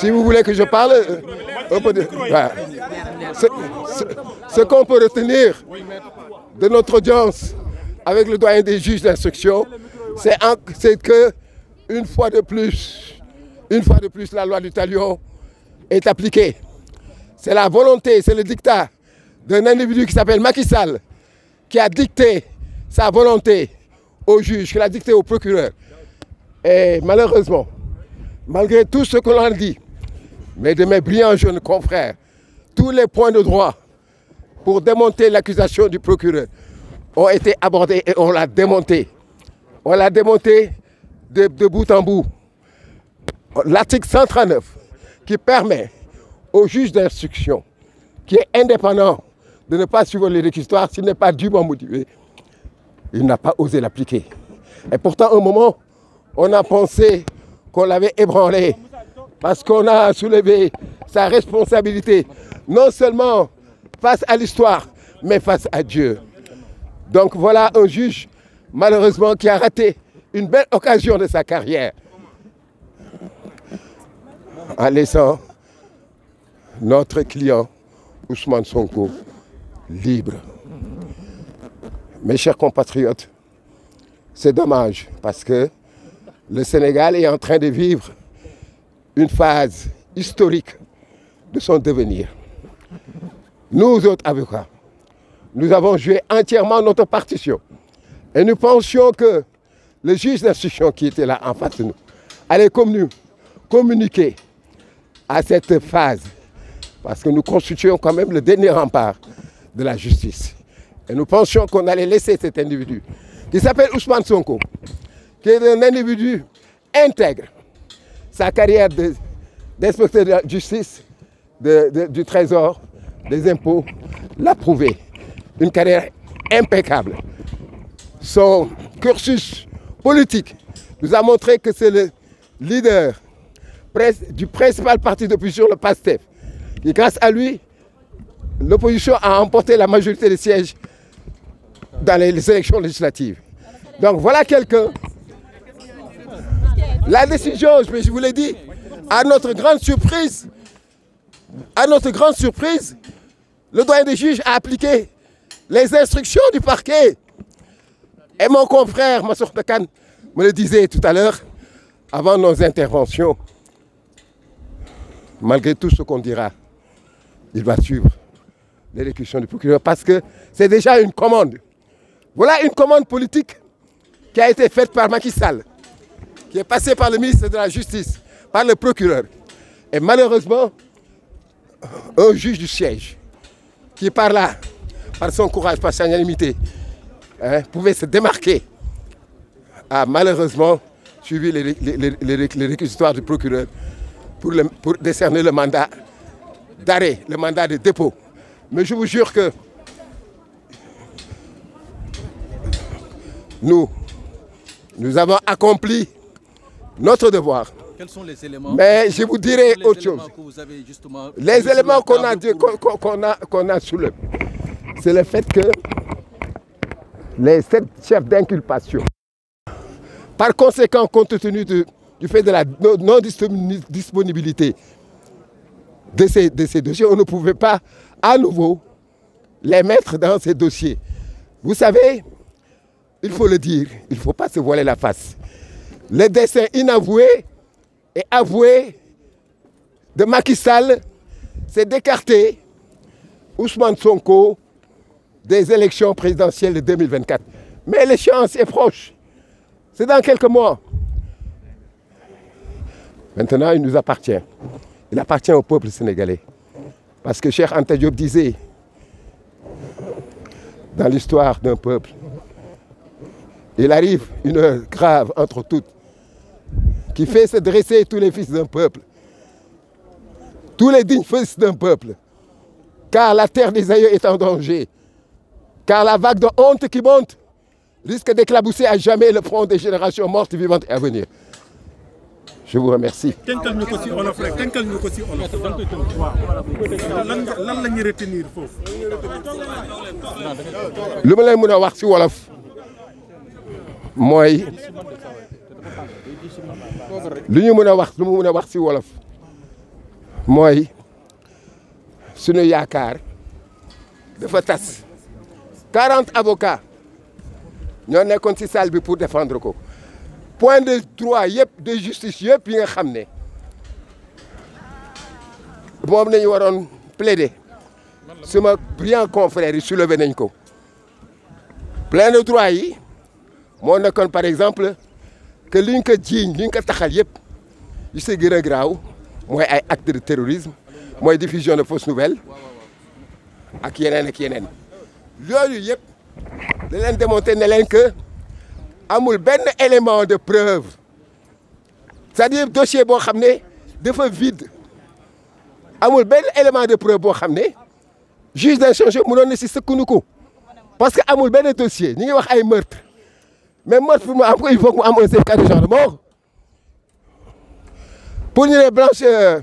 Si vous voulez que je parle, euh, ce, qu'on peut retenir de notre audience avec le doyen des juges d'instruction, c'est que, une fois de plus, une fois de plus, la loi du talion est appliquée. C'est la volonté, c'est le dictat d'un individu qui s'appelle Macky Sall, qui a dicté sa volonté au juge, qui l'a dicté au procureur. Et malheureusement, malgré tout ce que l'on dit, mais de mes brillants jeunes confrères, tous les points de droit pour démonter l'accusation du procureur ont été abordés et on l'a démonté. On l'a démonté de, bout en bout. L'article 139 qui permet au juge d'instruction, qui est indépendant, de ne pas suivre les s'il n'est pas dûment motivé, il n'a pas osé l'appliquer. Et pourtant, au moment, on a pensé qu'on l'avait ébranlé parce qu'on a soulevé sa responsabilité, non seulement face à l'histoire, mais face à Dieu. Donc voilà un juge, malheureusement, qui a raté une belle occasion de sa carrière. En laissant notre client, Ousmane Sonko, libre. Mes chers compatriotes, c'est dommage parce que le Sénégal est en train de vivre une phase historique de son devenir. Nous autres avocats, nous avons joué entièrement notre partition. Et nous pensions que le juge d'instruction qui était là en face de nous allait communiquer à cette phase. Parce que nous constituons quand même le dernier rempart de la justice. Et nous pensions qu'on allait laisser cet individu, qui s'appelle Ousmane Sonko, qui est un individu intègre, sa carrière d'inspecteur de, justice, du trésor, des impôts, l'a prouvé. Une carrière impeccable. Son cursus politique nous a montré que c'est le leader du principal parti d'opposition, le PASTEF. Et grâce à lui, l'opposition a emporté la majorité des sièges dans les élections législatives. Donc voilà quelqu'un la décision, je vous l'ai dit, à notre grande surprise, à notre grande surprise, le doyen des juges a appliqué les instructions du parquet. Et mon confrère, Massour pekan me le disait tout à l'heure, avant nos interventions, malgré tout ce qu'on dira, il va suivre l'élection du procureur parce que c'est déjà une commande. Voilà une commande politique qui a été faite par Macky Sall qui est passé par le ministre de la Justice, par le procureur. Et malheureusement, un juge du siège, qui par là, par son courage, par sa unanimité, hein, pouvait se démarquer, a malheureusement suivi les, les, réquisitoires du procureur pour, pour décerner le mandat d'arrêt, le mandat de dépôt. Mais je vous jure que nous, nous avons accompli notre devoir. Quels sont les éléments Mais je vous dirai autre chose. les éléments qu'on a, qu'on a, qu'on a le, c'est le fait que les sept chefs d'inculpation, par conséquent, compte tenu du fait de la non-disponibilité de de ces dossiers, on ne pouvait pas à nouveau les mettre dans ces dossiers. Vous savez, il faut le dire, il ne faut pas se voiler la face les dessins inavoués et avoués de Macky Sall, c'est d'écarter Ousmane Sonko des élections présidentielles de 2024. Mais l'échéance est proche. C'est dans quelques mois. Maintenant, il nous appartient. Il appartient au peuple sénégalais. Parce que cher Anta Diop disait, dans l'histoire d'un peuple, il arrive une grave entre toutes qui fait se dresser tous les fils d'un peuple, tous les dignes fils d'un peuple, car la terre des aïeux est en danger, car la vague de honte qui monte risque d'éclabousser à jamais le front des générations mortes, vivantes à venir. Je vous remercie. ma lu ñu mën a wax lu mu mën a wax ci wolof mooy sunu yaakaar dafa tas 40 avocats ñoo nekkoon ci salle bi pour défendre ko point de droit yep de justice yëpp yi nga xam ne moom nañu waroon plaider suma brillant confrère yi soulevé nañ ko plein de droit yi moo nekkoon par exemple que liñ ko jiiñ liñ ko taxal yëpp yu si a acte de terrorisme des diffusion de fausses nouvelles ak yeneen ak yeneen loolu yëpp da leen démontré que leen que amul un élément de preuve c'est-à-dire dossier bon xam ne fois vide amul un élément de preuve bon xam le juge changement ne peut pas se ko parce que a un dossier ñi ngi wax ay meurtre mais moi, pour il faut que nous am un gens. de mort. pour nous blanchir euh,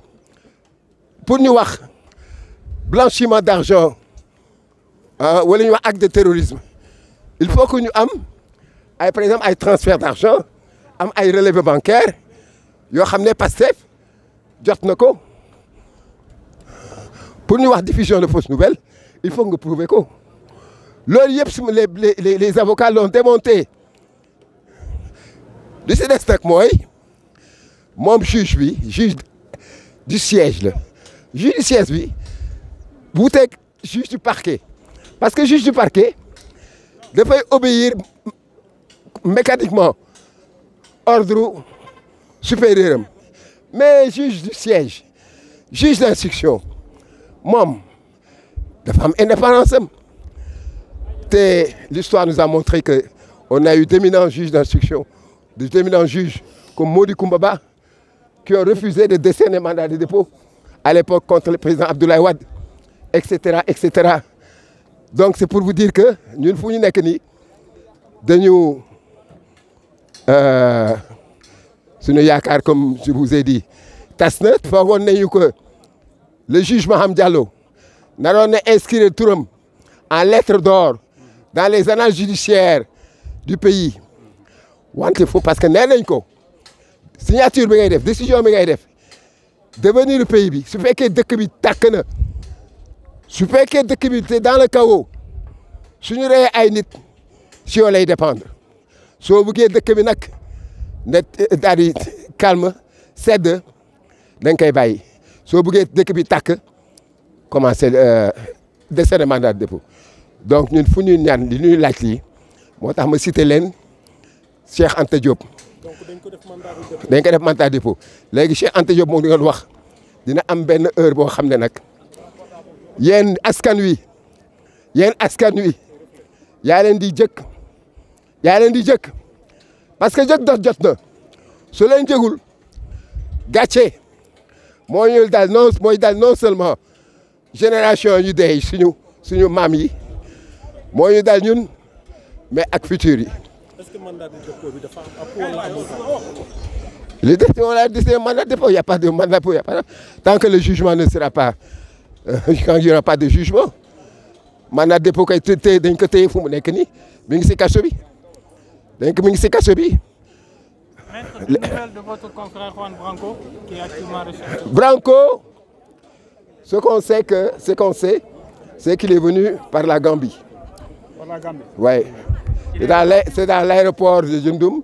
pour nous blanchiment d'argent hein, ou les actes acte de terrorisme il faut que nous ayons par exemple ay transfert d'argent, un am relevé bancaire un xam un pas pour nous wax diffusion de fausses nouvelles il faut que prouver quoi les les avocats l'ont démonté de ces des mon juge juge du siège Le juge du siège Vous êtes juge du parquet parce que juge du parquet dafay obéir mécaniquement ordre supérieur mais juge du siège juge d'instruction moi, dafa am indépendance l'histoire nous a montré qu'on a eu d'éminents juges d'instruction de un juges comme Maudit Koumbaba, qui ont refusé de décerner mandat de dépôt à l'époque contre le président Abdoulaye Wade, etc. etc. Donc c'est pour vous dire que nous ne pouvons pas de nous... n'est comme je vous ai dit. Tasnet, que le juge Maham Diallo n'a inscrit le en lettres d'or dans les annales judiciaires du pays wante parce que nee signature bi ngay def décision bi ngay def devenir pays bi su fekkee dëkk bi tàkk na su fekkee dëkk bi dans le chaos suñu ay nit si dépendre soo dëkk bi nag ne eh, daal calme sedd koy bàyyi soo dëkk bi euh, mandat de dépôt donc ñun ñaan ñuy ma Cheikh Anta Diop. donc dañ ko def mandat de dépôt. dañ ko def mandat de dépôt léegi Cheikh Anta Diop moom di ngeen wax dina am benn heure boo xam ne nag askan wi yéen askan wi yaa leen di jëkk yaa leen di jëkk parce que jëkk dox jot na su leen jëgul gatché moo ñu dal non mooy dal non seulement génération yu dee suñu suñu mam yi moo ñu dal ñun mais ak futur yi mandat de dépôt bi dafa am la amul oh. les là mandat de dépôt il y a pas de mandat de dépôt il y a pas tant que le jugement ne sera pas euh, quand il y aura pas de jugement mandat de dépôt est téye dañ ko téye fu mu nekk nii mi ngi si kaso bi donc maître une nouvelle de votre confrère Juan Branco qui est actuellement recherché. Branco ce qu'on sait que ce qu'on sait c'est qu'il est venu par la Gambie. Oui. C'est dans l'aéroport de Jundum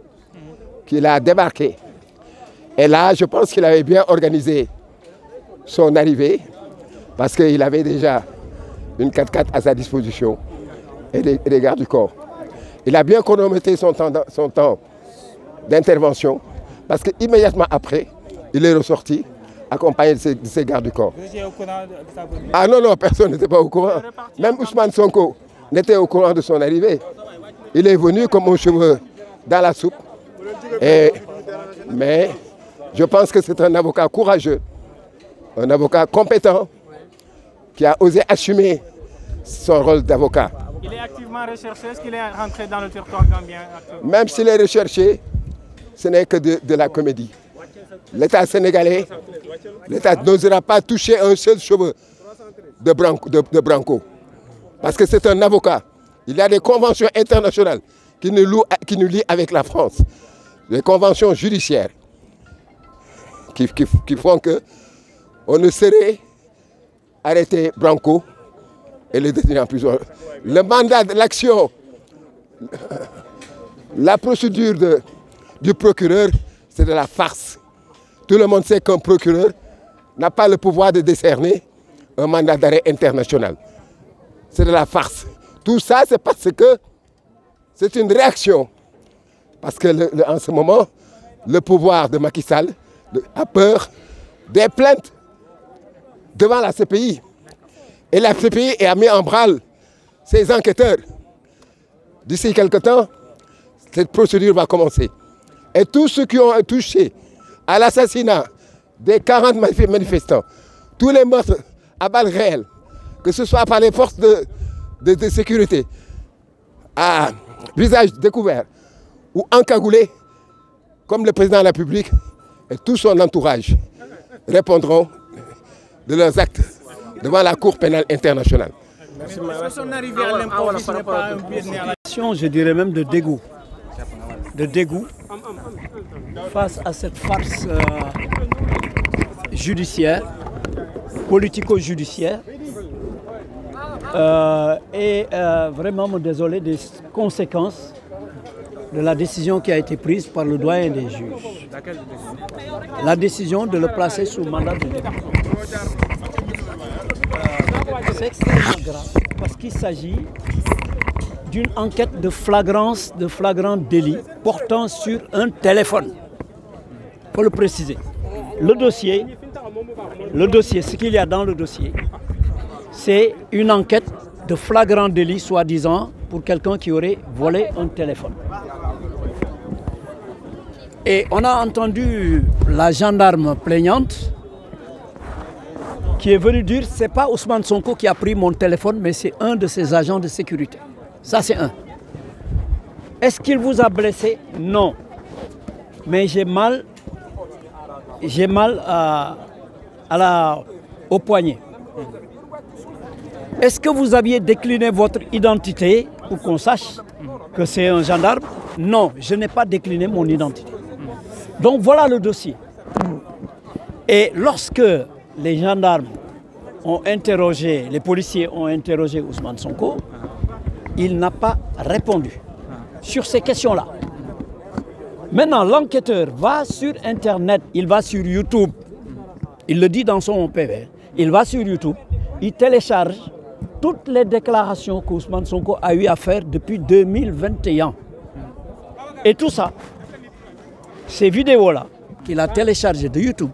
qu'il a débarqué. Et là, je pense qu'il avait bien organisé son arrivée parce qu'il avait déjà une 4x4 à sa disposition et des gardes du corps. Il a bien chronométré son temps, d'intervention parce qu'immédiatement après, il est ressorti accompagné de ses, gardes du corps. Ah non, non, personne n'était pas au courant. Même Ousmane Sonko, n'était au courant de son arrivée. Il est venu comme un cheveu dans la soupe. mais je pense que c'est un avocat courageux, un avocat compétent, qui a osé assumer son rôle d'avocat. Il est activement recherché, est-ce qu'il est rentré dans le territoire gambien Même s'il est recherché, ce n'est que de, la comédie. L'État sénégalais, l'État n'osera pas toucher un seul cheveu de Branco. Parce que c'est un avocat. Il y a des conventions internationales qui nous, lient avec la France. Des conventions judiciaires qui, font que on ne serait arrêter Branco et le détenir en prison. Le mandat de l'action, la procédure du procureur, c'est de la farce. Tout le monde sait qu'un procureur n'a pas le pouvoir de décerner un mandat d'arrêt international c'est de la farce. Tout ça, c'est parce que c'est une réaction. Parce que en ce moment, le pouvoir de Macky Sall a peur des plaintes devant la CPI. Et la CPI a mis en branle ses enquêteurs. D'ici quelques temps, cette procédure va commencer. Et tous ceux qui ont touché à l'assassinat des 40 manifestants, tous les meurtres à balles réelles, que ce soit par les forces de, sécurité, à visage découvert ou encagoulé, comme le président de la République et tout son entourage répondront de leurs actes devant la Cour pénale internationale. Son à Je dirais même de dégoût. De dégoût face à cette farce euh, judiciaire, politico-judiciaire, euh, et euh, vraiment me désoler des conséquences de la décision qui a été prise par le doyen des juges. La décision de le placer sous mandat de dépôt. C'est extrêmement grave parce qu'il s'agit d'une enquête de flagrance, de flagrant délit portant sur un téléphone. Pour le préciser. Le dossier, le dossier, ce qu'il y a dans le dossier, c'est une enquête de flagrant délit, soi-disant, pour quelqu'un qui aurait volé un téléphone. Et on a entendu la gendarme plaignante qui est venue dire c'est pas Ousmane Sonko qui a pris mon téléphone, mais c'est un de ses agents de sécurité. Ça, c'est un. Est-ce qu'il vous a blessé Non. Mais j'ai mal, j'ai mal à, la, au poignet. Est-ce que vous aviez décliné votre identité pour qu'on sache que c'est un gendarme Non, je n'ai pas décliné mon identité. Donc voilà le dossier. Et lorsque les gendarmes ont interrogé, les policiers ont interrogé Ousmane Sonko, il n'a pas répondu sur ces questions-là. Maintenant, l'enquêteur va sur Internet, il va sur YouTube, il le dit dans son PV, il va sur YouTube, il télécharge toutes les déclarations qu'Ousmane Sonko a eu à faire depuis 2021. Et tout ça, ces vidéos-là qu'il a téléchargées de YouTube,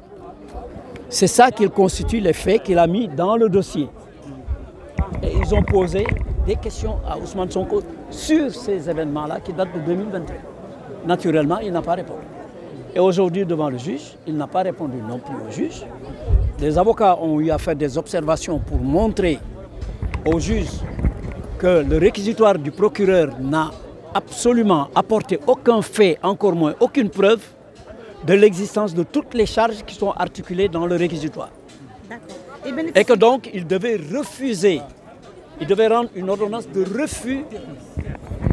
c'est ça qu'il constitue les faits qu'il a mis dans le dossier. Et ils ont posé des questions à Ousmane Sonko sur ces événements-là qui datent de 2021. Naturellement, il n'a pas répondu. Et aujourd'hui, devant le juge, il n'a pas répondu non plus au juge. Les avocats ont eu à faire des observations pour montrer au juge que le réquisitoire du procureur n'a absolument apporté aucun fait, encore moins aucune preuve de l'existence de toutes les charges qui sont articulées dans le réquisitoire. Et, que donc il devait refuser, il devait rendre une ordonnance de refus,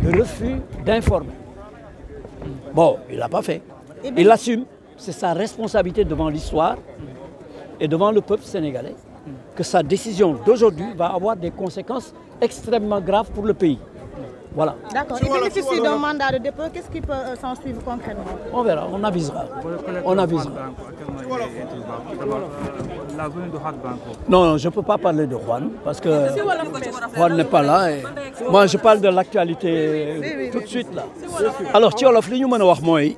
de refus d'informer. Bon, il l'a pas fait. Il assume, c'est sa responsabilité devant l'histoire et devant le peuple sénégalais que sa décision d'aujourd'hui va avoir des conséquences extrêmement graves pour le pays. Voilà. D'accord. Il bénéficie d'un mandat de dépôt. Qu'est-ce qui peut euh, s'en suivre concrètement On verra, on avisera. On avisera. Euh, non, non je ne peux pas parler de Juan parce que Juan n'est pas là. Moi, je parle de l'actualité tout de suite là. Alors, tu ce que nous mën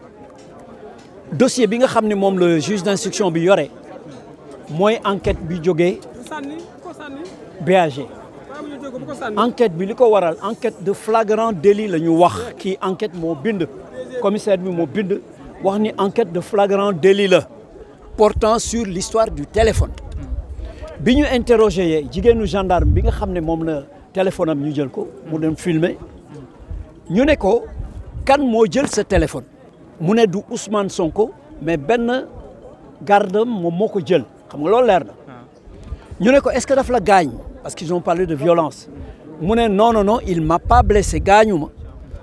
dossier bi le juge d'instruction bi Moi, enquête bi BAG enquête bi waral enquête de flagrant délit la ñu wax enquête mobile, bind commissaire bi moo bind wax ni enquête de flagrant délit la portant sur l'histoire du téléphone bi ñu interrogé yee gendarme bi nga xamné mom moom téléphone am ñu jël ko mu dem filmer ñu ne ko kan mo jël ce téléphone mu né du Ousmane Sonko mais ben gardam mom moko jël xam nga loolu leer na ñu ko est-ce que daf la gagne, parce qu'ils ont parlé de violence mu non non non il m'a pas blessé gagne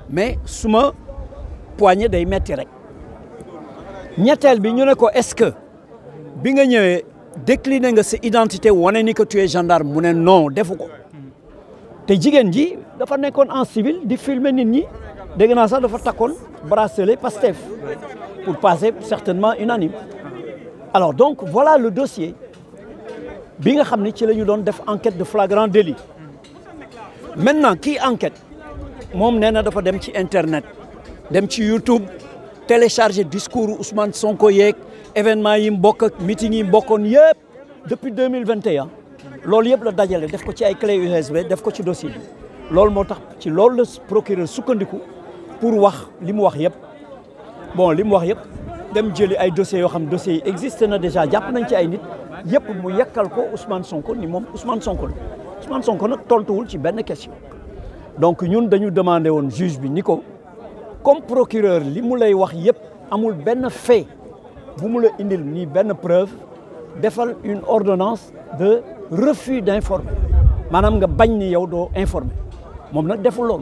mais su ma poignet day metti rek ñetteel bi ko est-ce que bi nga ñëwee décliné nga sa identité wane ni que tu es gendarme mu non defu ko te jigéen ji dafa nekkoon en civil di filmer nit ñi dégg naa sax dafa bracelet bracelet Pastef pour passer certainement unanime alors donc voilà le dossier bi nga xamni ci lañu doon def enquête de flagrant délit maintenant qui enquête mom néna dafa dem ci internet dem ci YouTube télécharger discours Ousmane Sonko yeeg événement yi mu ak meeting yi mu yépp depuis 2021 lool yépp et la dajale def ko ci ay clé USB def ko ci dossier bi loolu moo ci lool le procureur sukkandiku pour wax limu wax yépp bon limu wax yépp dem jëli ay dossier yo xam dossier yi na déjà japp nañ ci ay nit yep mu yakal ko Ousmane Sonko ni mom Ousmane Sonko Ousmane Sonko nag tontuwul ci benn question donc ñun dañu demandé won juge bi ni ko comme procureur li mu lay wax yep, amul benn fait bu mu la indil ni benn preuve defal une ordonnance de refus d'informer manam nga bañ ni yow do informer mom nak deful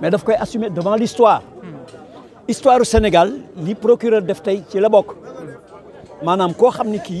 mais daf koy assumer devant l'histoire histoire du Sénégal li procureur def tay ci la bok manam ko xamni ki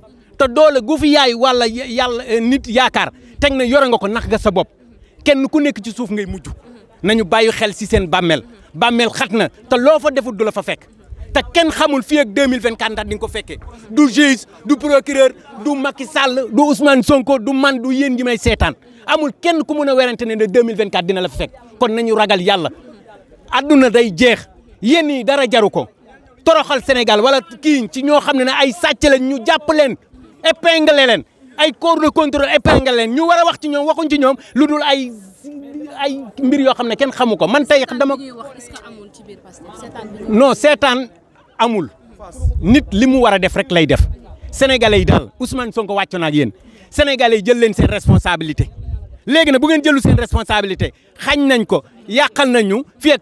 te doole gu fi yaay walla yàlla eh, nit yaakaar teg na yore nga ko nax ga sa bopp kenn ku nekk ci suuf ngay mujj nañu bàyyi xel si seen bàmmeel bàmmeel xat na te loo fa defut du la fa fekk te kenn xamul fii ak 2024 ndax di nga ko fekkee du juge du procureur du Macky Sall du Ousmane Sonko du man du yéen gi may seetaan amul kenn ku mun a werante ne ne 2024 dina la fa fekk kon na ñu ragal yàlla aduna day jeex yéen yi dara jaru ko toroxal Sénégal wala xam ne ne ay sàcc lañ ñu jàpp leen épinglé leen ay koor de contrôle épinglé ñu war a wax ci ñoom waxuñ ci ñoom lu dul ay ay mbir yoo xam ne kenn xamu ko man tey dama. non seetaan amul nit li mu war a def rek lay def sénégalais yi daal Ousmane Sonko wàcc na ak yéen sénégalais yi jël leen seen responsabilité. léegi nag bu ngeen jëlu seen responsabilité xañ nañ ko yàqal nañu fi ak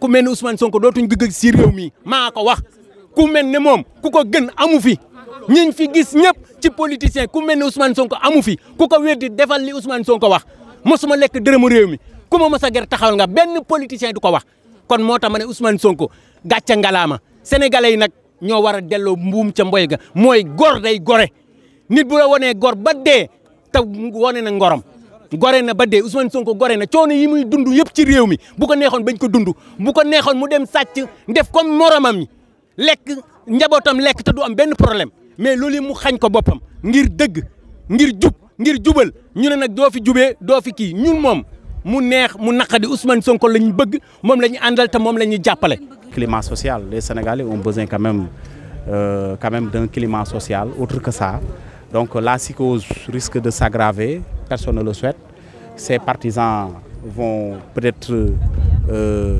ku mel ne Ousmane Sonko dootuñ dëgg si réew mi maa ko wax ku mel ne moom ku ko gën amu fi. ñiñ fi gis ñëpp ci politicien ku mel ni Sonko amu fi ku ko weddi defal li Ousmane Sonko wax mosuma lekk dërëmu réew mi ku ma mos a ger taxawal nga benn politicien du ko wax. kon moo tax ma ne Ousmane Sonko gàcce ngalaama sénégalais yi nag ñoo war a delloo mbuum ca mbooy ga mooy gor day gore nit bu la wonee gor ba dee te wone ngorom. gore na ba dee Ousmane Sonko gore na coono yi muy dund yëpp ci réew mi bu ko neexoon bañ ko dund bu ko neexoon mu dem sàcc def comme moromam yi lekk njabootam lekk te du am benn problème. mais loolu mu xañ ko boppam ngir dëgg ngir jub ngir jubal ñu ne nag doo fi nous doo fi kii ñun moom mu neex mu naqadi Ousmane Sonko la ñu bëgg moom la ñu àndal te moom la ñu jàppale. climat social les Sénégalais ont besoin quand même euh, même d'un climat social autre que ça donc la psychose risque de s'aggraver personne ne le souhaite Ses partisans vont peut-être euh,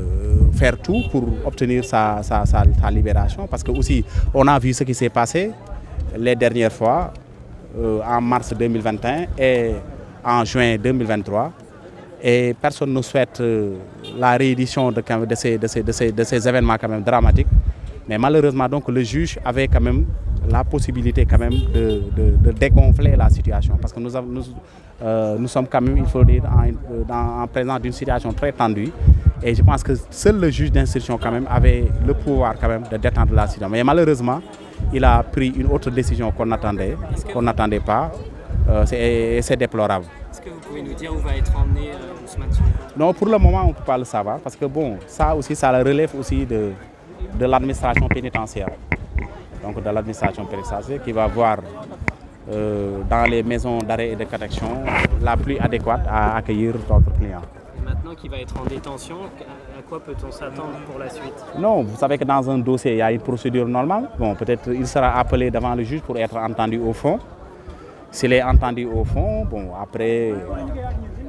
faire tout pour obtenir sa, sa, sa, sa libération parce que aussi on a vu ce qui s'est passé les dernières fois, euh, en mars 2021 et en juin 2023. Et personne ne souhaite euh, la réédition de, de, ces, événements quand même dramatiques. Mais malheureusement, donc, le juge avait quand même la possibilité quand même de, dégonfler la situation. Parce que nous, nous, euh, nous, sommes quand même, il faut dire, en, en présence d'une situation très tendue. Et je pense que seul le juge d'instruction quand même avait le pouvoir quand même de détendre la situation. Mais malheureusement, il a pris une autre décision qu'on n'attendait, qu'on n'attendait pas. Euh, et c'est déplorable. Est-ce que vous pouvez nous dire où va être emmené euh, Ousmane Non, pour le moment, on ne peut pas le savoir parce que bon, ça aussi, ça relève aussi de, l'administration pénitentiaire. Donc de l'administration pénitentiaire qui va voir euh, dans les maisons d'arrêt et de protection la plus adéquate à accueillir d'autres clients maintenant qu'il va être en détention, à quoi peut-on s'attendre pour la suite Non, vous savez que dans un dossier, il y a une procédure normale. Bon, peut-être il sera appelé devant le juge pour être entendu au fond. S'il est entendu au fond, bon, après,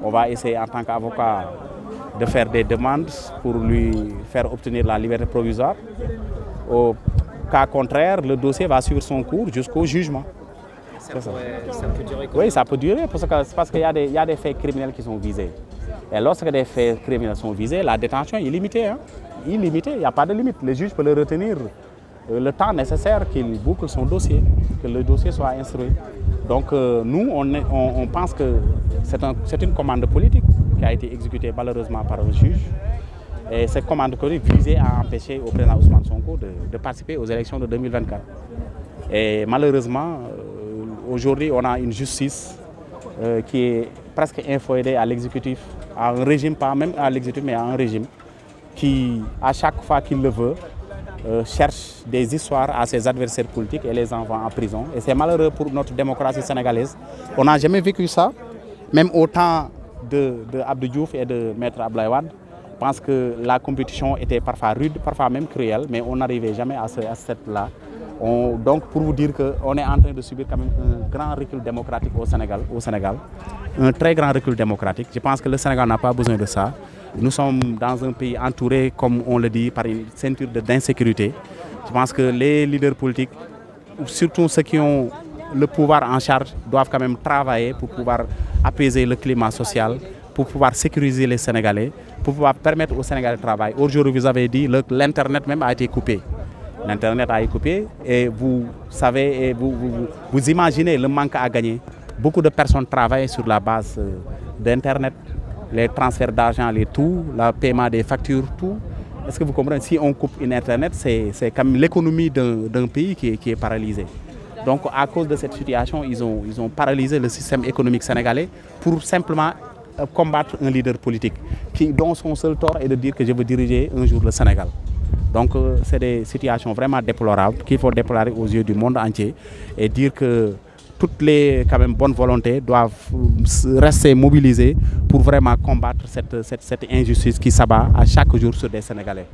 on va essayer en tant qu'avocat de faire des demandes pour lui faire obtenir la liberté provisoire. Au cas contraire, le dossier va suivre son cours jusqu'au jugement. Ça, peut durer Oui, ça peut durer parce qu'il parce y a des faits criminels qui sont visés. Et lorsque des faits criminels sont visés, la détention est limitée. Hein. Illimitée, il n'y a pas de limite. Le juge peut le retenir euh, le temps nécessaire qu'il boucle son dossier, que le dossier soit instruit. Donc euh, nous, on, pense que c'est une commande politique qui a été exécutée malheureusement par le juge. Et cette commande politique visait à empêcher au président Ousmane Sonko de, participer aux élections de 2024. Et malheureusement, euh, aujourd'hui, on a une justice qui est presque infoédée à l'exécutif à un régime, pas même à l'exécutif, mais à un régime qui, à chaque fois qu'il le veut, euh, cherche des histoires à ses adversaires politiques et les envoie en prison. Et c'est malheureux pour notre démocratie sénégalaise. On n'a jamais vécu ça, même au temps de, Diouf et de Maître Ablaïwad. Je pense que la compétition était parfois rude, parfois même cruelle, mais on n'arrivait jamais à ce, à là donc pour vous dire qu'on est en train de subir quand même un grand recul démocratique au Sénégal, un très grand recul démocratique. Je pense que le Sénégal n'a pas besoin de ça. Nous sommes dans un pays entouré, comme on le dit, par une ceinture d'insécurité. Je pense que les leaders politiques, surtout ceux qui ont le pouvoir en charge, doivent quand même travailler pour pouvoir apaiser le climat social, pour pouvoir sécuriser les Sénégalais, pour pouvoir permettre aux Sénégalais de travailler. Aujourd'hui, vous avez dit, que l'Internet même a été coupé. L'Internet a été coupé et vous savez, vous, vous, imaginez le manque à gagner. Beaucoup de personnes travaillent sur la base euh, d'Internet, les transferts d'argent, les tout, le paiement des factures, tout. Est-ce que vous comprenez Si on coupe une Internet, c'est comme l'économie d'un pays qui est, paralysée. Donc à cause de cette situation, ils ont, ils ont paralysé le système économique sénégalais pour simplement euh, combattre un leader politique qui, dont son seul tort est de dire que je veux diriger un jour le Sénégal. Donc euh, c'est des situations vraiment déplorables qu'il faut déplorer aux yeux du monde entier et dire que toutes les quand même, bonnes volontés doivent euh, rester mobilisées pour vraiment combattre cette, cette injustice qui s'abat à chaque jour sur des Sénégalais.